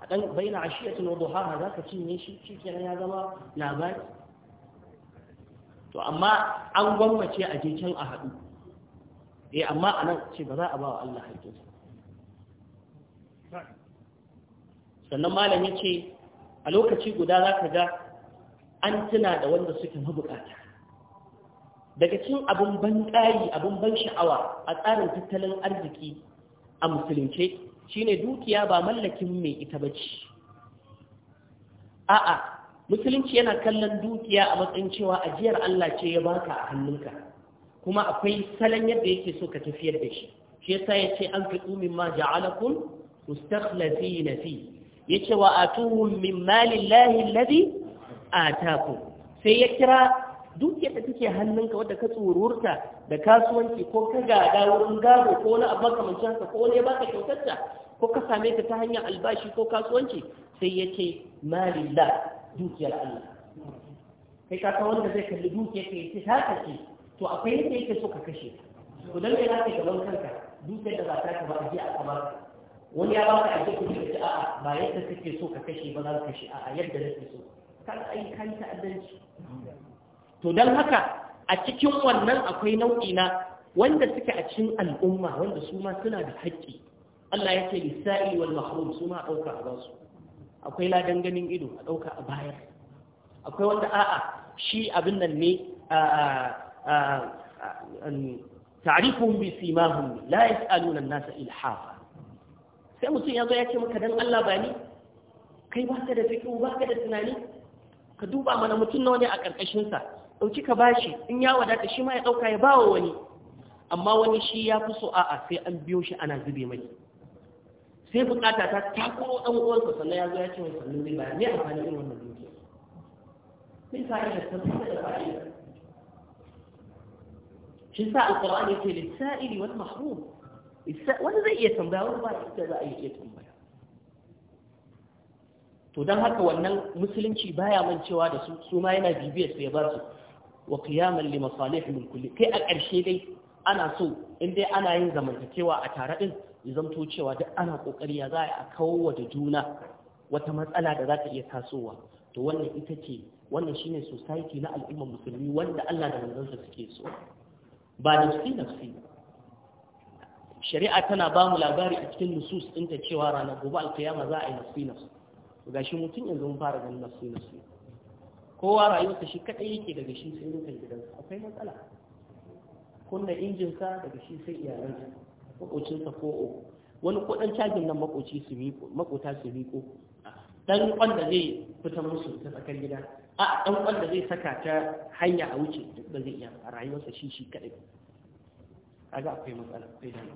a dan baina ashiyatin wa duhaha za ka cinye shi shikenan ya zama labari to amma an gwammace a je can a haɗu eh amma a nan ce ba za a ba wa Allah haƙƙinsa sannan malam ya ce a lokaci guda za ka ga an tuna da wanda suke mabukata daga cin abin ban ƙari abin ban sha'awa a tsarin tattalin arziki a musulunce shine dukiya ba mallakin mai ita ba ce a'a musulunci yana kallon dukiya a matsayin cewa ajiyar Allah ce ya baka a hannunka kuma akwai salon yadda yake so ka tafiyar da shi shi yasa ce an fi umin ma ja'alakum na fi yace wa atuhum min malillahi alladhi ataku sai ya kira duke da take hannunka wadda ka tsururta da kasuwanci ko ka gada wurin gado ko wani abu makamancin haka ko ne baka kyautarta ko ka same ta ta hanyar albashi ko kasuwanci sai yace malillah dukiyar Allah kai ka wanda zai kalli dukiyar ka yace ta ce to akwai yake yake so ka kashe to dan kai zaka gaban kanka duke da ba ta ka ba a ji a kamar wani ya baka ake ku ce a'a ba yadda kake so ka kashe ba za ka kashe a'a yadda nake so kan ai kan ta'addanci to dan haka a cikin wannan akwai nau'i na wanda suke a cikin al'umma wanda su ma suna da haƙƙi Allah ya ce lisa'i wal mahrum su ma dauka a basu akwai ladan ganin ido a dauka a bayar akwai wanda a'a shi abin nan ne a ta'rifuhum bi simahum la yas'aluna an-nasa ilhafa sai mutum ya zo ya ce maka dan Allah ba ni kai ba ka da fiƙi ba ka da tunani ka duba mana mutum nawa ne a ƙarƙashinsa ɗauki ka bashi in ya wadata shi ma ya ɗauka ya bawa wani amma wani shi ya fi so a'a sai an biyo shi ana zube mai sai bukata ta takuro ɗan uwansa sannan ya zo ya ce wani, sannan zai baya a amfani irin wannan Sai me fa'ida ta fi da fa'ida shi sa alƙur'ani ce lissa'ili wal mahrum wani zai iya tambaya wani ba ita za a iya tambaya to don haka wannan musulunci baya mancewa da su su ma yana bibiyar su ya ba su wa qiyaman li masalihil kulli kai a ƙarshe dai ana so in dai ana yin zamantakewa a tare din ya zamto cewa duk ana kokari ya za a kawo wa da juna wata matsala da za ta iya tasowa to wannan ita ce wannan shine society na al'ummar musulmi wanda Allah da manzansa suke so ba da nafsi nafsi ba shari'a tana ba mu labari a cikin nusus ɗinta cewa ranar gobe alkiyama za a yi nasu nasu ga shi mutum yanzu mun fara ganin nasu nasu kowa rayuwarsa shi kaɗai yake daga shi sai rufin gidansa akwai matsala kunna injinsa daga shi sai makocin sa ko wani kuɗin cajin nan makoci su miƙo makota su miƙo dan kwanda zai fita musu ta tsakar gida a dan kwanda zai saka ta hanya a wuce duk ba zai iya a rayuwarsa shi shi kaɗai أجاب في مسألة في ذلك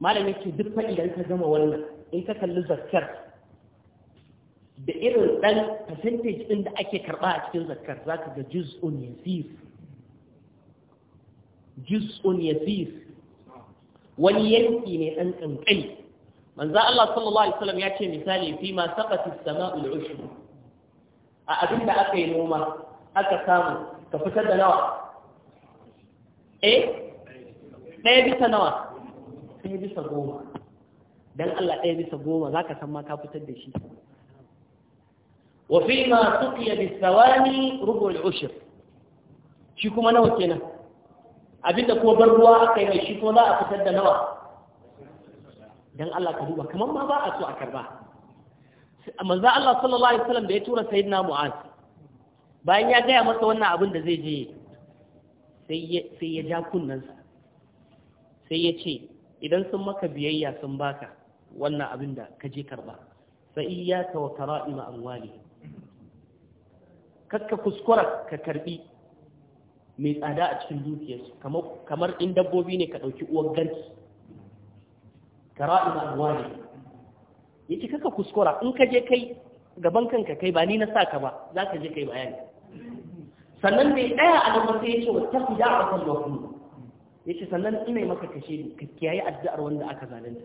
ما لم يكن دفع إلا أنت جمع ولا أنت كالذكر بإذن أن تسنتج عند أكي كرباء تذكر ذاك جزء يسير جزء يسير وليكن أن تنقل من ذا الله صلى الله عليه وسلم يأتي مثالي فيما سقط السماء العشر أعدد أكي نومة أكي سامن كفتد نوع eh ɗaya bisa nawa ɗaya bisa goma don Allah ɗaya bisa goma za ka san ma ka fitar da shi wafi ma suke da tsawani rubu al'ushir shi kuma nawa kenan abinda kuma bar ruwa aka yi mai shi kuma za a fitar da nawa don Allah ka duba kamar ma ba a so a karba manzo Allah sallallahu alaihi wasallam da ya tura sayyidina Mu'az bayan ya gaya masa wannan abin da zai je sai ya ja kunnansa sai ya ce idan sun maka biyayya sun baka wannan abin da ka je karba sai iya tawakara ima amwali kakka kuskura ka karbi mai tsada a cikin dukiyarsu kamar in dabbobi ne ka ɗauki uwar garki kara ima amwali ya ce kakka kuskura in ka je kai gaban kanka kai ba ni na sa ka ba za ka je kai bayani sannan bai ɗaya a nan sai ya ce wata fi da a kan wasu ya ce sannan ina yi maka kashe ka kiyaye addu'ar wanda aka zalunta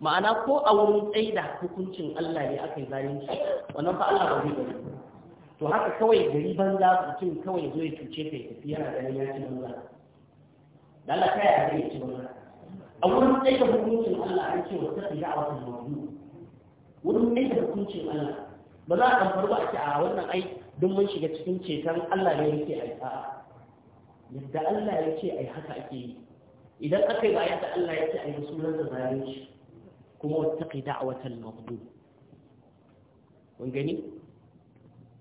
ma'ana ko a wurin tsaida hukuncin Allah ne aka yi zalunci wannan fa Allah ba zai to haka kawai gari banza mutum kawai zo ya cuce ka ya tafi yana ganin ya ci banza da Allah ta a ya ci banza a wurin tsaida hukuncin Allah an ce wata fi da a kan wasu wurin tsaida hukuncin Allah ba za a kamfar ba a ce a wannan aiki duk mun shiga cikin ceton Allah ne yake ai a yadda Allah yake ai haka ake yi idan aka yi bayan da Allah yake ai ba sunan da zalunci kuma wattaqi da'watal maghdub kun gani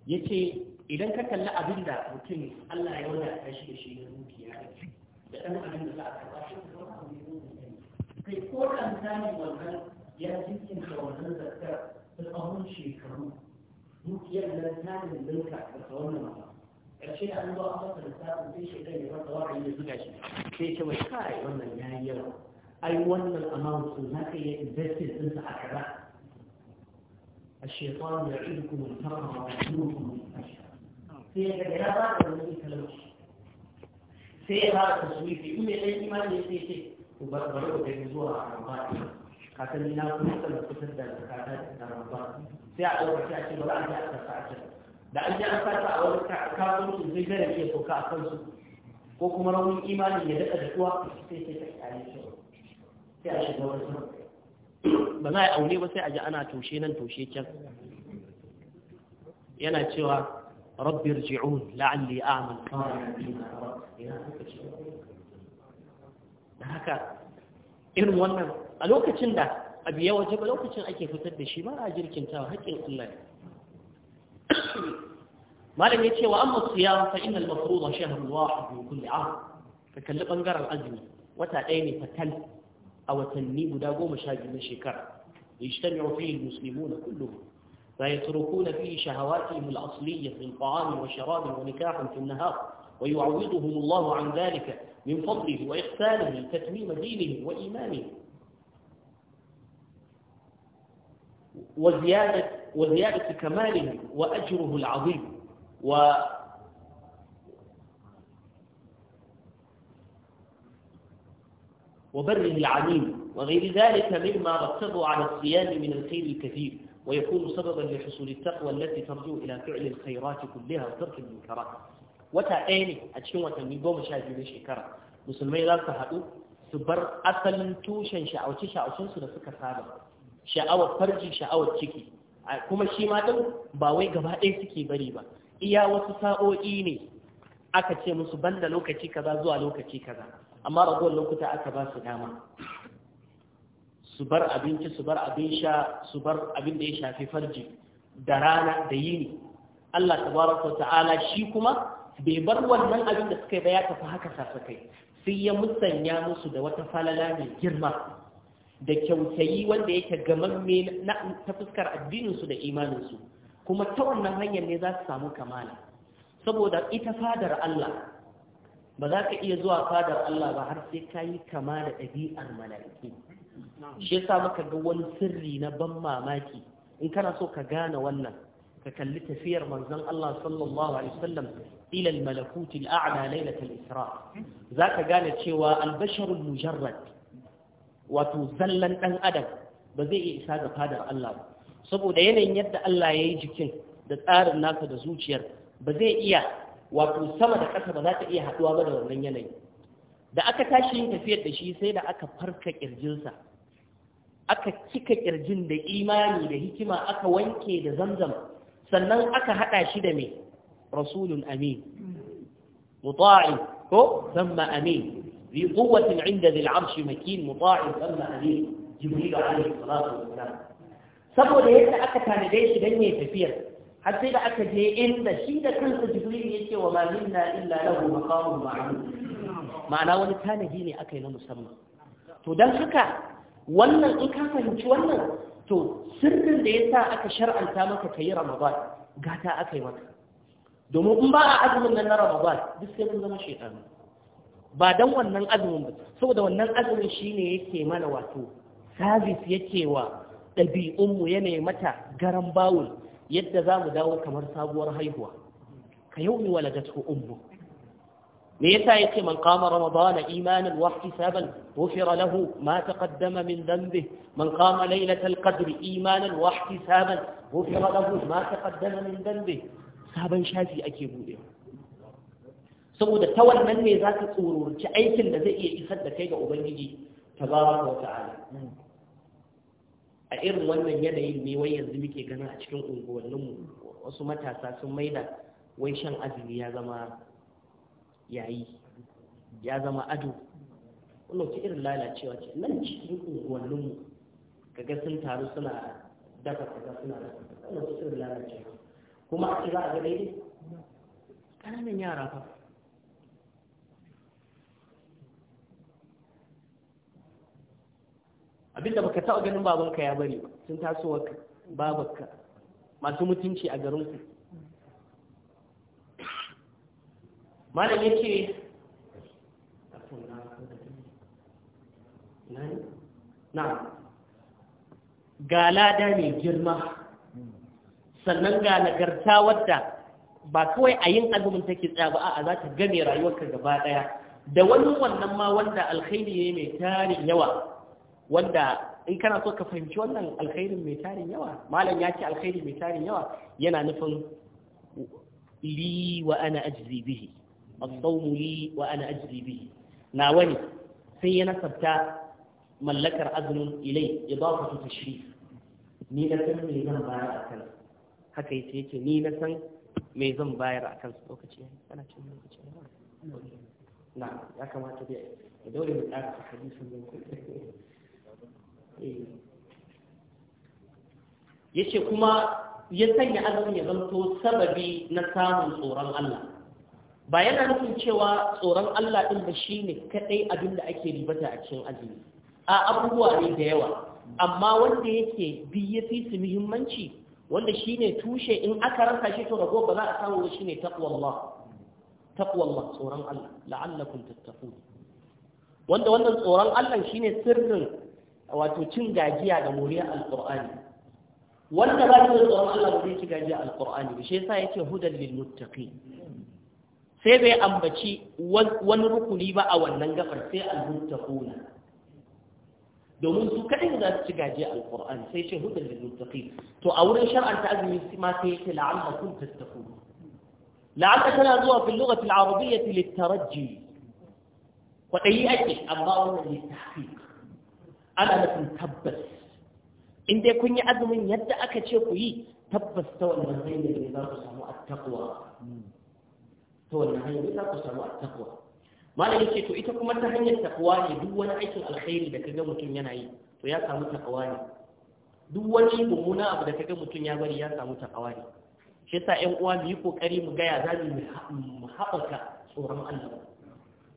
yace idan ka kalli abin da mutum Allah ya wada ka shi da shi na dukiya da dan abin da za a karɓa shi kai ko ɗan zanen wannan ya jikin da wannan zarkar da tsawon shekaru dukiyar nan ta dindinka da wannan mutum ƙarshe da an zo a masa lissafin sai shi ɗan ya masa wa'ayi ya zuga shi sai ce mai kai wannan ya yi yawa ai wannan amount sun za ka iya investing ɗinsa a kaza الشيطان يعيدكم الفقر ويحذركم من الفشل sai ya ga ya ba ka wani talauci sai ya ba ka taswifi in mai ɗan imani sai ce ku bari ku gani zuwa a ramba ka san ni na kuma kusa da kusa da zakata da ramba sai a ɗauka sai a ce ba za a je a karsa a can da an je an karsa a wani kasuwancin zai gara ke soka a kansu ko kuma raunin imanin ya daɗa daɗuwa sai sai ta kyale shi sai a shiga wani sama ba za a yi aure ba sai a ji ana toshe nan toshe can yana cewa rabbi rji'un la'alli amal da haka irin wannan a lokacin da abu ya waje ba lokacin ake fitar da shi ba a jirkintawa haƙƙin Allah ne malam ya ce wa amma siyam fa innal mafruḍa shahrun wahid min kulli 'am ka kalli bangaren azumi wata ɗaya ne fatal a watanni guda goma sha biyu na shekara yajtami'u fihi al-muslimuna kulluhum فيتركون فيه شهواتهم الأصلية من طعام وشراب ونكاح في النهار ويعوضهم الله عن ذلك من فضله وإحسانه لتتميم دينهم وإيمانهم وزيادة, وزيادة كماله وأجره العظيم و وبره العليم وغير ذلك مما رتب على الصيام من الخير الكثير ويكون سببا لحصول التقوى التي ترجو إلى فعل الخيرات كلها وترك المنكرات wata ɗaya ne a cikin watanni goma كرم biyu لا shekara تبر za su haɗu su bar asalin tushen sha'awace sha'awar farji sha'awar ciki kuma shi ma din ba wai gaba ɗaya suke bari ba iya wasu sa'o'i ne aka ce musu banda lokaci kaza zuwa lokaci kaza amma ragowar lokuta aka ba su dama su bar abinci su bar abin sha su bar abin da ya shafi farji da rana da yini Allah tabaraka ta'ala shi kuma bai bar wannan abin da suka yi ba ya tafi haka sasakai sai ya musanya musu da wata falala mai girma da kyautayi wanda yake gamamme ta fuskar addininsu da imaninsu kuma ta wannan hanyar ne za su samu kamala saboda ita fadar Allah ba za ka iya zuwa fadar Allah ba har sai ka yi kama da ɗabi'ar mala'iku shi yasa ka ga wani sirri na ban mamaki in kana so ka gane wannan ka kalli tafiyar manzon Allah sallallahu alaihi wasallam ila al-malakut al-a'la lailatul isra zaka gane cewa al-basharul mujarrad wato zallan ɗan adam ba zai iya isa ga fadar Allah ba saboda yanayin yadda Allah ya yi jikin da tsarin nasa da zuciyar ba zai iya wato sama da ƙasa ba za ta iya haɗuwa ba da wannan yanayi da aka tashi yin tafiyar da shi sai da aka farka ƙirjinsa aka kika ƙirjin da imani da hikima aka wanke da zamzam sannan aka haɗa shi da mai rasulun amin mutu'in ko zamma amin ذي قوة عند ذي العرش مكين مطاع ثم أمير جبريل عليه الصلاة والسلام saboda yadda aka tanade shi dan yayi tafiyar har da aka je inda shi da kansa jibril yake wa ma minna illa lahu maqamun ma'lum ma'ana wani tanadi ne aka yi na musamman to dan haka wannan in ka fahimci wannan to sirrin da yasa aka shar'anta maka kayi ramadan gata aka maka domin in ba a azumin nan na ramadan duk sai ba dan wannan azumin ba saboda wannan azumin shine yake mana wato service yake wa dabi'un mu yana mata garan bawul yadda za mu dawo kamar sabuwar haihuwa ka yau ni wala gasko ummu me yasa yake man qama ramadana imanan wa ihtisaban ghufira lahu ma taqaddama min dhanbi man qama laylatal qadri imanan wa ihtisaban ghufira lahu ma taqaddama min dhanbi sabon shafi ake budewa saboda ta wannan ne za ka tsororci aikin da zai iya isar da kai ga ubangiji ta ba wa ta'ala a irin wannan yanayin ne wai yanzu muke ganin a cikin unguwanninmu wasu matasa sun maida wai shan azumi ya zama yayi ya zama ado wannan ce irin lalacewa ce nan cikin unguwanninmu kaga sun taru suna dafa kaga suna dafa wannan ce irin lalacewa kuma a ce za a ga daidai ƙananan yara fa abinda baka taɓa ganin babanka ya bari sun taso babanka masu mutunci a garinku malam ya ce na ga lada mai girma sannan ga nagarta wadda ba kawai a yin azumin take tsaya ba a za ta game rayuwarka gaba daya da wani wannan ma wanda alkhairi ne mai tarin yawa wanda in kana so ka fahimci wannan alkhairin mai tarin yawa malam ya ce alkhairi mai tarin yawa yana nufin li wa ana ajzi bihi as-sawmu li wa ana ajzi bihi na wani sai ya nasabta mallakar azumin ilai idafatu tashrif ni na san me zan bayar a kan haka yace yake ni na san me zan bayar a kan lokaci kana cin lokaci na ya kamata dai dole mu tsara hadisin nan yace kuma ya sanya azumin ya zanto sababi na samun tsoron Allah ba yana nufin cewa tsoron Allah ɗin ba shi ne kaɗai abin da ake ribata a cikin azumi a abubuwa ne da yawa amma wanda yake bi ya fi su muhimmanci wanda shi ne tushe in aka rasa shi to rago ba za a samu shi ne taqwallah tsoron Allah la'allakum tattaqun wanda wannan tsoron Allah shine sirrin wato cin gajiya da moriyar alqur'ani wanda ba shi da tsoron Allah ba zai ci gajiya alqur'ani ba shi yasa yake hudan lil muttaqin sai bai ambaci wani rukuni ba a wannan gafar sai al-muttaquna domin su kaɗai za su ci gaje alƙur'ani sai shi hudun da zuttaƙi to a wurin shar'anta azumi ma sai yake la'alla kun tattaku la'alla tana zuwa fil lughati al-arabiyyati lit-tarajji kwadayi ake amma wannan lit-tahqiq ana nufin tabbas in dai kun yi azumin yadda aka ce ku yi tabbas ta wannan hanyar ne za ku samu attaqwa ta wannan hanyar ne za ku samu attaqwa Malami ce to ita kuma ta hanyar takwa ne duk wani aikin alkhairi da kaga mutum yana yi to ya samu takwa ne duk wani mummuna abu da kaga mutum ya bari ya samu takwa ne shi yasa ƴan uwa mu yi kokari mu gaya za mu haɓaka tsoron Allah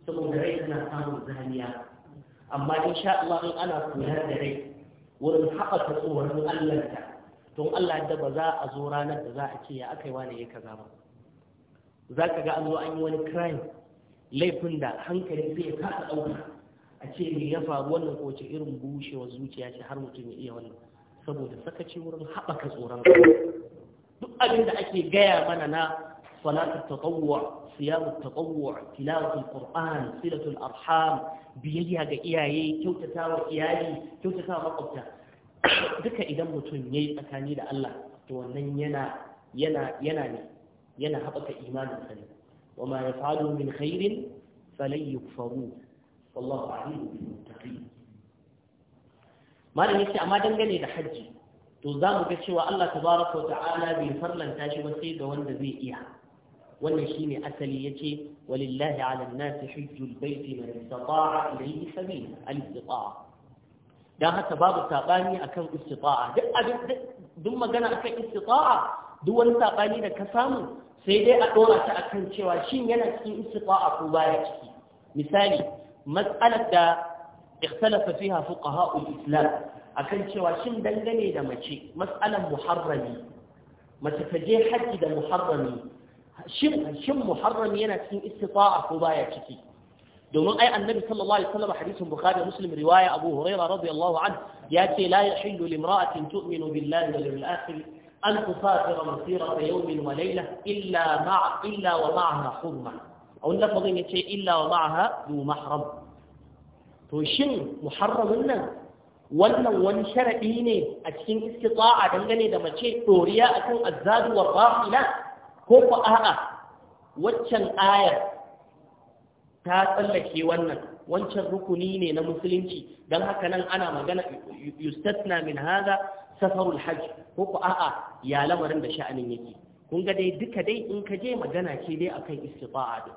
saboda rai tana samun zaniya amma sha Allah in ana kula da rai wurin haɓaka tsoron Allah ta don Allah da ba za a zo ranar da za a ce ya aka yi wani ya kaza ba za ka ga an zo an yi wani crime laifin da hankali zai kasa ɗauka a ce me ya faru wannan ko ce irin bushewar zuciya ce har mutum ya iya wannan saboda sakaci wurin haɓaka tsoron duk abin da ake gaya mana na صلاة التطوع صيام التطوع تلاوة القرآن صلة الأرحام بيدها ga iyaye kyautatawa iyali kyautatawa duka idan mutum yayi tsakani da Allah to wannan yana yana yana ne yana haɓaka imanin sa ne wa ma yafalu min khairin falan yukfaru wallahu alimu bil malam yace amma dangane da hajji to za mu ga cewa Allah tabaraka wa ta'ala bai farlanta shi ba sai ga wanda zai iya wannan shine asali ya ce walillahi ala an baiti man istata'a ilayhi sabila al-istita'a dan haka babu sabani akan istita'a duk abin duk magana akan istita'a duk wani sabani da ka samu sai dai a dora ta akan cewa shin yana cikin istita'a ko baya ciki misali mas'alar da ikhtalafa fiha fuqaha al-islam akan cewa shin dangane da mace masalar muharrami mace ta je haji da muharrami shin shin muharram yana cikin istita'a ko baya ciki domin ai annabi sallallahu alaihi wasallam hadisin bukhari da muslim riwaya abu hurairah radiyallahu anhu ya ce la yahillu limra'atin tu'minu billahi wal yawmil akhir an tusafira masirata yawmin wa layla illa ma'a illa wa ma'aha hurma aw lafazin yace illa wa ma'aha du mahram to shin muharramin nan wannan wani sharadi ne a cikin istita'a dangane da mace doriya akan azzadu wa rafila ko ku a'a waccan ayar ta tsallake wannan wancan rukuni ne na musulunci don haka nan ana magana yustatna min haza safarul hajj ko ku a'a ya lamarin da sha'anin yake kun ga dai duka dai in ka je magana ce dai akan istifa'a din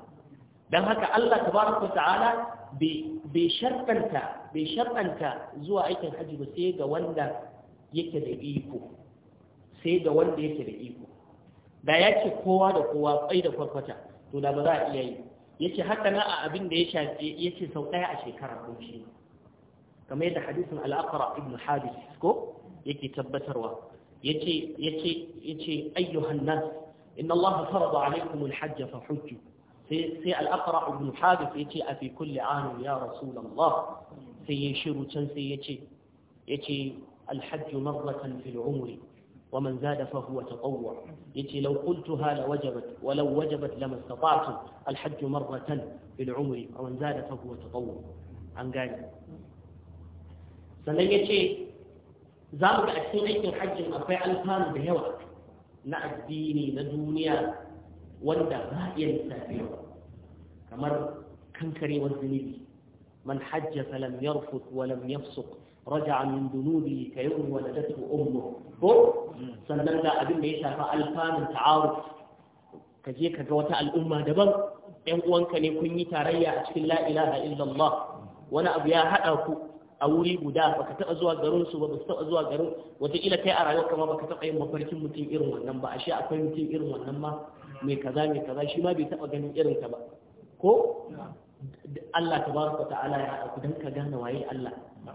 don haka Allah tabaraka ta'ala bai sharɗanta bai sharɗanta zuwa aikin hajji ba sai ga wanda yake da iko sai ga wanda yake da iko da ya ce kowa da kowa tsai da kwarkwata to da ba za a iya yi ya ce haka na a abin da ya shafi ya ce sau ɗaya a shekara ko shi kamar yadda hadisin al'akara ibn hadis ko yake tabbatarwa ya ce ya ce ayyuhan nas inna allaha farada alaikum alhajj fa hujju sai sai al'akara ibn hadis ya ce a fi kulli amin ya rasulullah sai ya shiru can sai ya ce ya ce alhajj marratan fil umri ومن زاد فهو تطوع يتي لو قلتها لوجبت ولو وجبت لما استطعت الحج مرة بالعمر ومن زاد فهو تطوع عن قال sannan ya ce za mu ga a cikin aikin hajji akwai alfanu da yawa na addini na duniya wanda ba iya lissafi kamar kankarewar zunubi man hajja falam yarfut رجع من ذنوبه كيوم ولدته أمه ko sannan da abin da ya shafi alfanun ta'aruf ka je ka ga wata al'umma daban ɗan uwanka ne kun yi tarayya a cikin la ilaha illallah wani abu ya haɗa ku a wuri guda baka taɓa zuwa garin su ba su taɓa zuwa garin wataƙila kai a rayuwar kama baka taɓa yin mafarkin mutum irin wannan ba ashe akwai mutum irin wannan ma mai kaza mai kaza shi ma bai taɓa ganin irin ka ba ko Allah tabaraka ta'ala ya haɗa ku dan ka gane waye Allah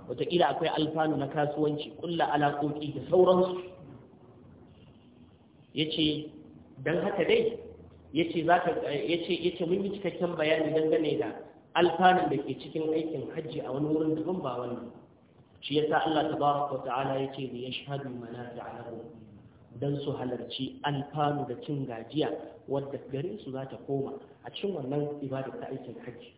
wataƙila akwai alfanu na kasuwanci kulla alaƙoƙi da sauransu Ya ce don haka dai Ya ce yace ce mun yi cikakken bayani dangane da alfanun da ke cikin aikin hajji a wani wurin daban ba wannan shi ya sa Allah tabaraka ta'ala ya li yashhadu da lahum don su halarci alfanu da cin gajiya wadda gare su za ta koma a cikin wannan ibadar ta aikin hajji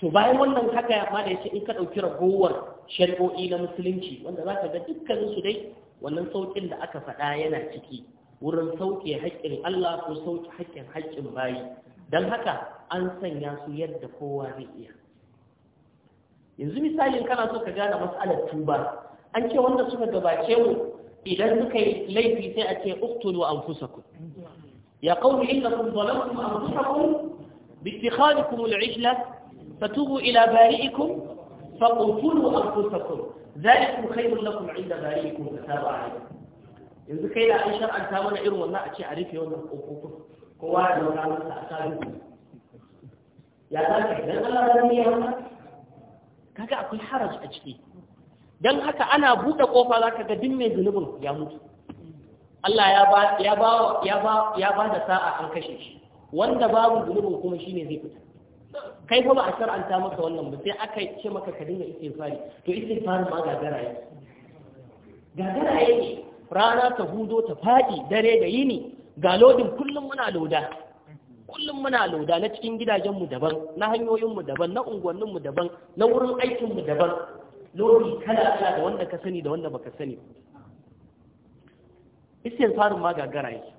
to bayan wannan haka ma da ce in ka ɗauki ragowar shari'o'i na musulunci wanda za ka ga dukkanin su dai wannan sauƙin da aka faɗa yana ciki wurin sauke haƙƙin Allah ko sauke haƙƙin haƙƙin bayi don haka an sanya su yadda kowa zai iya yanzu misalin kana so ka gane matsalar tuba an ce wanda suka gabace mu إذن كي ليس لسائك اقتلوا أنفسكم يا قوم إنكم ظلمتم أنفسكم باتخاذكم العجلة فتوبوا إلى بارئكم فاقتلوا أنفسكم ذلك خير لكم عند بارئكم فتابع عليكم إذن كي لا أشر أن تامنا إروا والله أشي عريفي وانا أقوكم كواعد وانا أتابعكم يا ذلك إذن الله رميه كاكا أكل حرج أجديه don haka ana buɗe ƙofa za ka ga duk mai zunubin ya mutu Allah ya ba da sa'a an kashe shi wanda babu zunubin kuma shi ne zai fita kai kuma a shar'anta maka wannan ba sai aka ce maka ka dinga istighfari to istighfari ma gagara ya gagara ya ne rana ta hudo ta fadi dare da yini ga lodin kullum muna loda kullum muna loda na cikin gidajenmu daban na hanyoyinmu daban na unguwanninmu daban na wurin aikinmu daban lori kala kala da wanda ka sani da wanda baka sani istighfarin ma gagara yake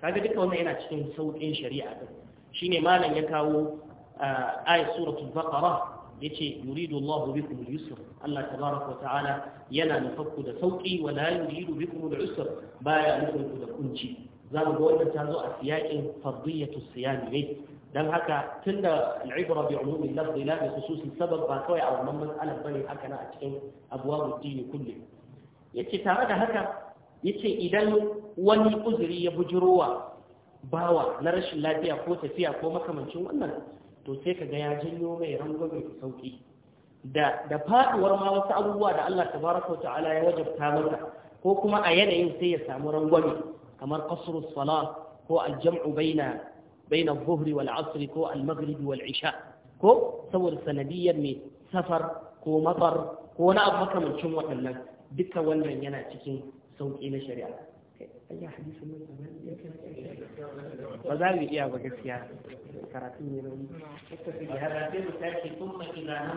kaga duka wannan yana cikin sauƙin shari'a din shine malam ya kawo uh, ayat suratul baqara yace yuridu Allahu bikum al-yusr Allah tabaaraka wa ta'ala yana nufakku da sauƙi wa la yuridu bikum al-usr baya nufakku da kunci zamu ga wannan ta zo a siyakin fardiyatu siyami ne dan haka tunda al'ibra bi umumi lafz la bi khususi sabab ba kawai a wannan mas'alar bane haka na a cikin abwabud din kulli yace tare da haka yace idan wani uzuri ya wa bawa na rashin lafiya ko tafiya ko makamancin wannan to sai kaga ya janyo mai rangwame da sauki da da faduwar ma wasu abubuwa da Allah tabaraka ta'ala ya wajabta masa ko kuma a yanayin sai ya samu rangwame kamar qasrus salat ko al-jam'u baina بين الظهر والعصر كو المغرب والعشاء كو سور سنديا من سفر كو مطر كو نأب مكة من شم وحنا دكا ولا ينا تكين سوق إلى شريعة أي حديث من زمان وذلك يا بقى كراتين يوم ثم إذا